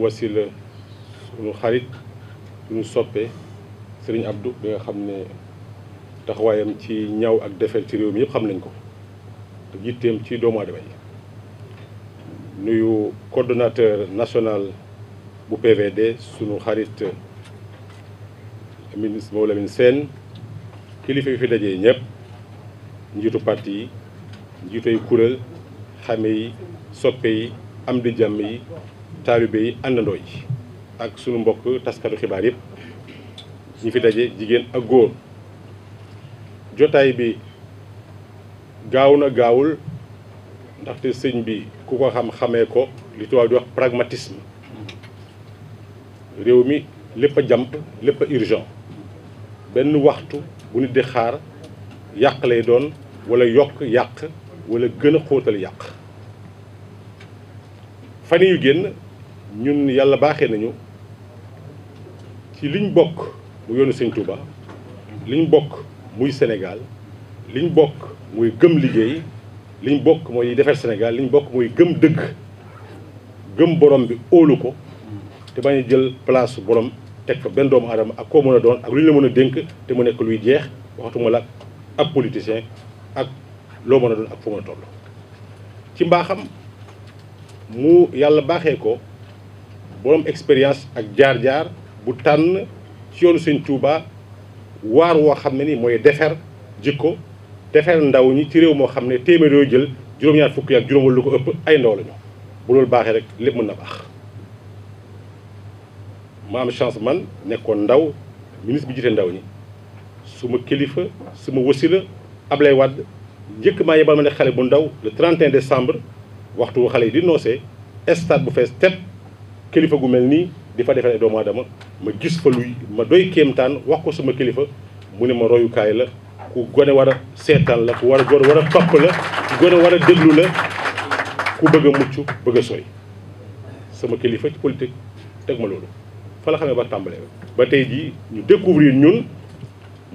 sunu wasila sunu xarit sunu soppe Serigne Abdou bi nga xam ne taxawaayam ci ñaw ak defel ci réew mi yëpp xam nañ ko te ci doomu aadama yi nuyu coordonnateur national bu PVD sunu xarit ministre Maodo Lamine kilifa yi fi dajee ñëpp njiitu parti yi njiitoy kuréel xame yi soppe yi am di jàmm yi taalibe yi àndandoo yi ak sunu mbokk taskatu xibaar yëpp ñu fi daje jigéen ak góor jotaay bi gaaw na gaawul ndaxte sëñ bi ku ko xam xamee ko li tubaab di wax pragmatisme réew mi lépp a jàmp lépp a urgent benn waxtu bu nit di xaar yàq lay doon wala yokk yàq wala gën a xóotal yàq fan yu génn ñun yàlla baaxee nañu ci liñ bokk mu yoonu sëñ Touba liñ bokk muy Sénégal liñ bokk muy gëm liggéey liñ bokk mooy defar Sénégal liñ bokk muy gëm dëgg gëm borom bi óolu ko te bañ jël place borom teg fa benn doomu aadama ak koo mën a doon ak lu ñu la mën a dénk te mu nekk luy jeex waxatuma la ab politicien ak loo mën a doon ak foo mën a toll ci mbaaxam mu yàlla baaxee ko borom expérience ak jaar-jaar bu tànn ci yoonu sëñ Touba waar woo xam ne ni mooy defar jikko defer ndaw ñi ci réew moo xam ne téeméer yooyu jël juróom-ñaar fukki ak juróom lu ko ëpp ay ndaw lañu bu rek lépp na baax. ma am man nekkoon ndaw ministre bi jiite ndaw ñi suma kilifa su ma wasila Ablaye Wade njëkk maa yebal ma ne xale bu ndaw le 31 décembre waxtu xale yi di noosee stade bu fees tepp. kilifa gu mel nii di fa defal ay doomu aadama ma gis fa luy ma doy kéemtaan wax ko sama kilifa mu ne ma royukaay la ku gone war a seetaan la ku war a gone war a topp la ku gone war a déglu la ku bëgg a mucc bëgg sooy sama kilifa ci politique teg ma loolu fa la xamee ba tàmbalee ba tey jii ñu découvrir ñun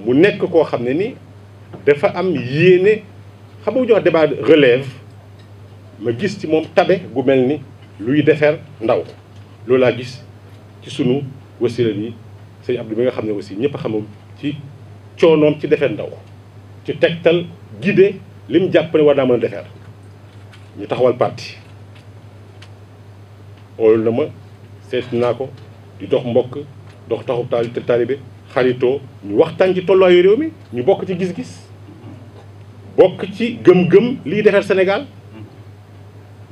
mu nekk koo xam ne ni dafa am yéene xam nga bu ma gis ci moom tabe gu mel ni luy defar ndaw loolu laa gis ci sunu wasila bi sëñ Abdou bi nga xam ne aussi ñëpp a ci coonoom ci defar ndaw ci tegtal guidé li mu jàpp ne war naa mën a defar ñu taxawal parti oolu na ma seet naa ko di dox mbokk dox taxu taali taalibe xaritoo ñu waxtaan ci tolluwaayu réew mi ñu bokk ci gis-gis bokk ci gëm-gëm lii defar senegal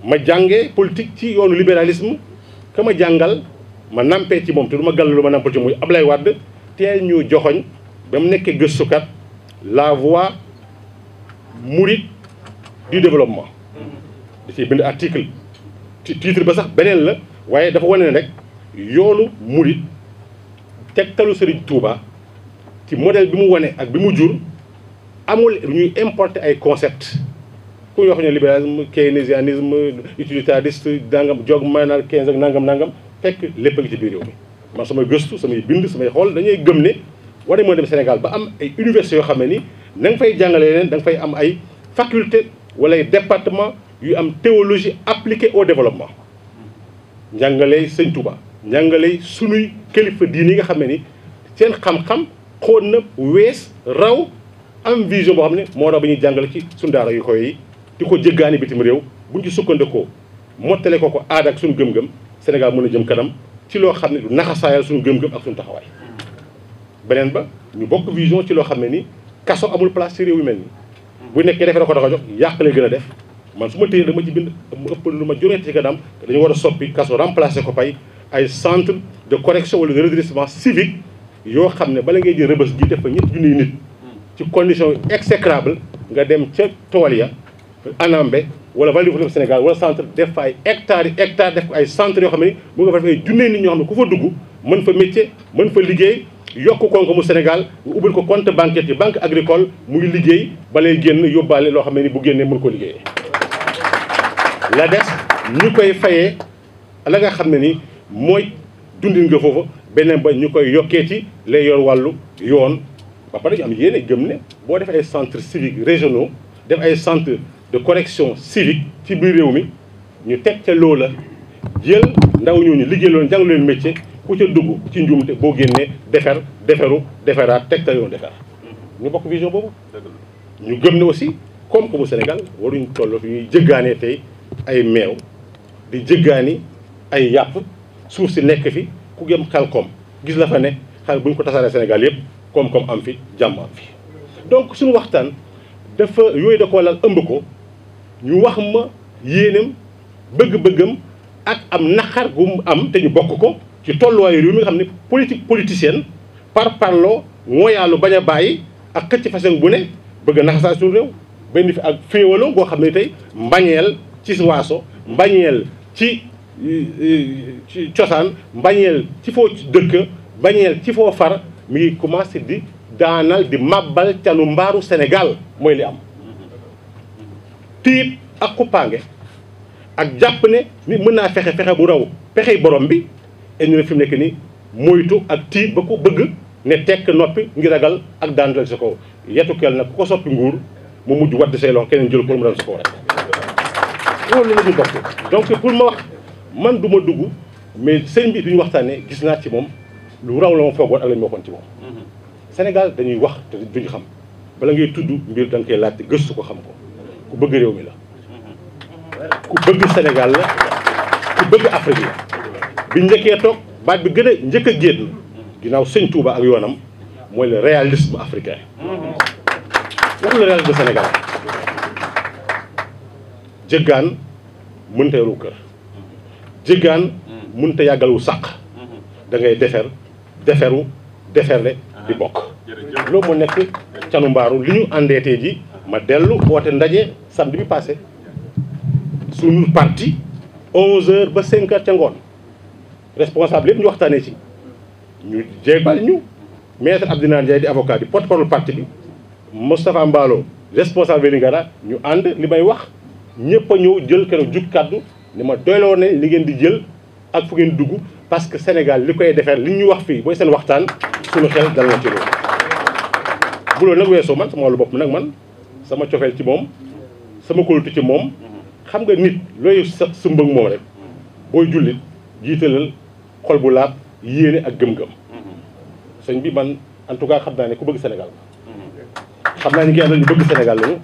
ma jànge politique ci yoonu libéralisme ka ma jàngal ma nampee ci moom te du ma gàll lu ma nampal ci muy Ablaye Wade tee ñu joxoñ ba mu nekkee gëstukat la voie mouride du développement da ciy bind article ci titre ba sax beneen la waaye dafa wane ne rek yoonu murit tegtalu Serigne Touba ci modèle bi mu wane ak bi mu jur amul ñuy importer ay concept ku ñu wax ne libéralisme keynésianisme utilitariste nangam jog may naan quinze ak nangam nangam fekk lépp a ngi ci biir réew mi man samay gëstu samay bind samay xool dañuy gëm ne war nañ mën a dem Sénégal ba am ay universités yoo xam ne ni nanga fay jàngale leen da nga fay am ay faculté wala ay département yu am théologie appliquée au développement njàngale sëñ Touba njàngale sunuy kilifa diine yi nga xam ne ni seen xam-xam xóot na wees raw am vision boo xam ne moo tax ñuy jàngale ci sunu daara di ko jéggaani bitim réew bu buñ ci sukkandikoo mottale ko ko aada ak suñu gëm-gëm Sénégal mun a jëm kanam ci loo xam ne du naxasaayal suñu gëm-gëm ak suñu taxawaay beneen ba ñu bokk vision ci loo xam ne ni kaso amul place ci réew yu mel ni bu nekkee defee da ko da ko jox yàq lay gën a def man su ma téye dama ci bind mu ëpp lu ma juróom ci kanam dañu war a soppi kaso remplacer ko pay ay centre de correction wala de redressement civique yoo xam ne bala ngay jël rëbës gi def fa ñett junniy nit hmm. ci condition exécrable nga dem ca tool ya Anambé wala Vallée du Sénégal wala centre def fa ay hectares yi hectares def ko ay centre yoo xam ne mu nga fa def ay junnee nit ñoo xam ne ku fa dugg mën fa métier mën fa liggéey yokk koom mu Sénégal nga ubbil ko compte bancaire yi banque agricole muy liggéey balay génn yóbbaale loo xam ne ni bu génnee mën ko liggéeyee. la des ñu koy fayee la nga xam ne ni mooy dundin nga foofu beneen ba ñu koy yokkee ci lay yor wàllu yoon ba pare ñu am yéene gëm boo def ay centres civiques régionaux ay centres. de correction civique ci biir réew mi ñu teg ca loola jël ndaw ñu liggéey loon jàng leen métier ku ca dugg ci njuumte boo génnee defer defaru defaraat teg ca yoon defar ñu bokk vision boobu ñu gëm ne aussi comme que bu Sénégal waruñ toll fi ñuy jëggaanee tey ay meew di jëggaani ay yàpp suuf si nekk fi ku gëm xelkom gis la fa ne xal bu ñu ko tasaaree Sénégal yëpp koom-koom am fi jàmm am fi donc suñu waxtaan dafa yooyu da ko laal ëmb ko ñu wax ma yéenam bëgg-bëggam ak am naqar gu am te ñu bokk ko ci tolluwaayu réew mu nga xam ne politique politicienne par parloo mooyaalu bañ a bàyyi ak xëcc façon bu ne bëgg a naxasaa suñu réew benn fi ak féewaloo goo xam ne tey mbañeel ci waaso mbañeel ci ci cosaan mbañeel ci foo dëkk mbañeel ci foo far mi ngi commencé di daanal di màbbal canu mbaaru Sénégal mooy li am tiit ak xuppaange ak jàpp ne ni mën naa fexe fexe bu raw pexey borom bi indi na fi mu nekk ni moytu ak tiit ba ko bëgg ne tekk noppi ngi ragal ak daan dal sa kaw yetu kel nag ku ko soppi nguur mu mujj wadd say loxo keneen jël ko mu dal sa kaw rek donc pour ma wax man du ma dugg mais sëñ bi duñu waxtaanee gis naa ci moom lu raw la ma foogoon ak la ñu waxoon ci mm-hmm. dañuy wax te ñu xam bala ngay tudd mbir da laaj koy laajte gëstu ko xam ko ku bëgg réew mi la ku bëgg Sénégal la ku bëgg Afrique la bi njëkkee toog baat bi gën a njëkk a génn ginnaaw sëñ Touba ak yoonam mooy le réalisme africain waxu le réalisme Sénégal jëggaan mënta yoru kër jëggaan mënta yàggalu sàq da defer deferu deferle di bokk loolu moo nekk canu mbaaru li ñu àndee ji ma dellu woote ndaje samedi bi passé suñu parti 11h ba 5h ca ngoon responsable yëpp ñu waxtaanee ci ñu jébbal ñu maître Abdina Ndiaye di avocat di porte-parole parti bi Moustapha Mballo responsable Vélingara ñu ànd li may wax ñëpp a jël keroog jug kaddu ni ma doyloo ne li ngeen di jël ak fu ngeen dugg parce que Sénégal li koy defar li ñu wax fii booy seen waxtaan suñu xel dal ma ci loolu bu loolu nag weesoo man sama wàllu bopp nag man sama cofeel ci moom. sama kóolute ci moom xam nga nit looy sa sumbag moom rek booy jullit jiitalal xol bu laab yéene ak gëm-gëm sëñ bi man en tout cas xam naa ne ku bëgg Sénégal nga xam naa ni ngi àndal ñu bëgg Sénégal lañu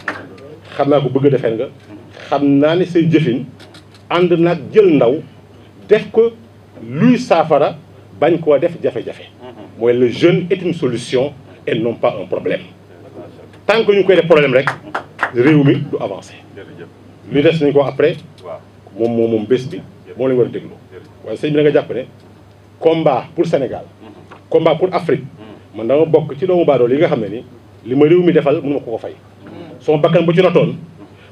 xam naa ko bëgg a defeen nga xam naa ne say jëfin ànd naag jël ndaw def ko luy saafara bañ koo def jafe-jafe mooy le jeune est solution et non pas un problème tant que ñu koy def problème rek réew mi du avancé li des nañ ko après moom moom moom bés bi moo lañ war a dégloo waaye sëñ bi na nga jàpp ne combat pour Sénégal mhm. combat pour Afrique mhm. man dama bokk ci doomu baadool yi nga xam ne ni li ma réew mi defal mënu ma ko ko fay mhm. sama bakkan bu ci rotoon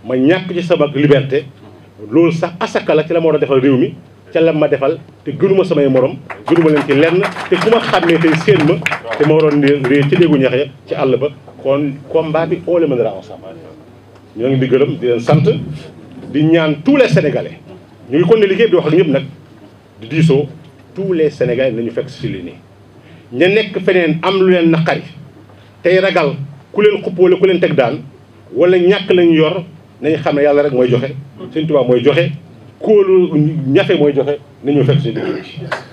ma ñàkk ci sama liberté loolu sax asaka la ci la ma war a defal réew mi ca la ma defal te gënuma samay morom gënuma leen ci lenn te ku ma xàmmee tey séen ma te ma waroon réer ci déggu ñax ya ci àll ba kon combat bi on le ñoo ngi di gërëm di leen sant di ñaan tous les sénégalais ñu ngi kon ne liggéey bi wax ak ñëpp nag di diisoo tous les sénégalais nañu fekk si li nii ña nekk feneen am lu leen naqari tey ragal ku leen xupp wala ku leen teg daan wala ñàkk lañu yor nañ xam ne yàlla rek mooy joxe Sëñ Tuubaa mooy joxe kóolu ñafe mooy joxe nañu fekk si liggéey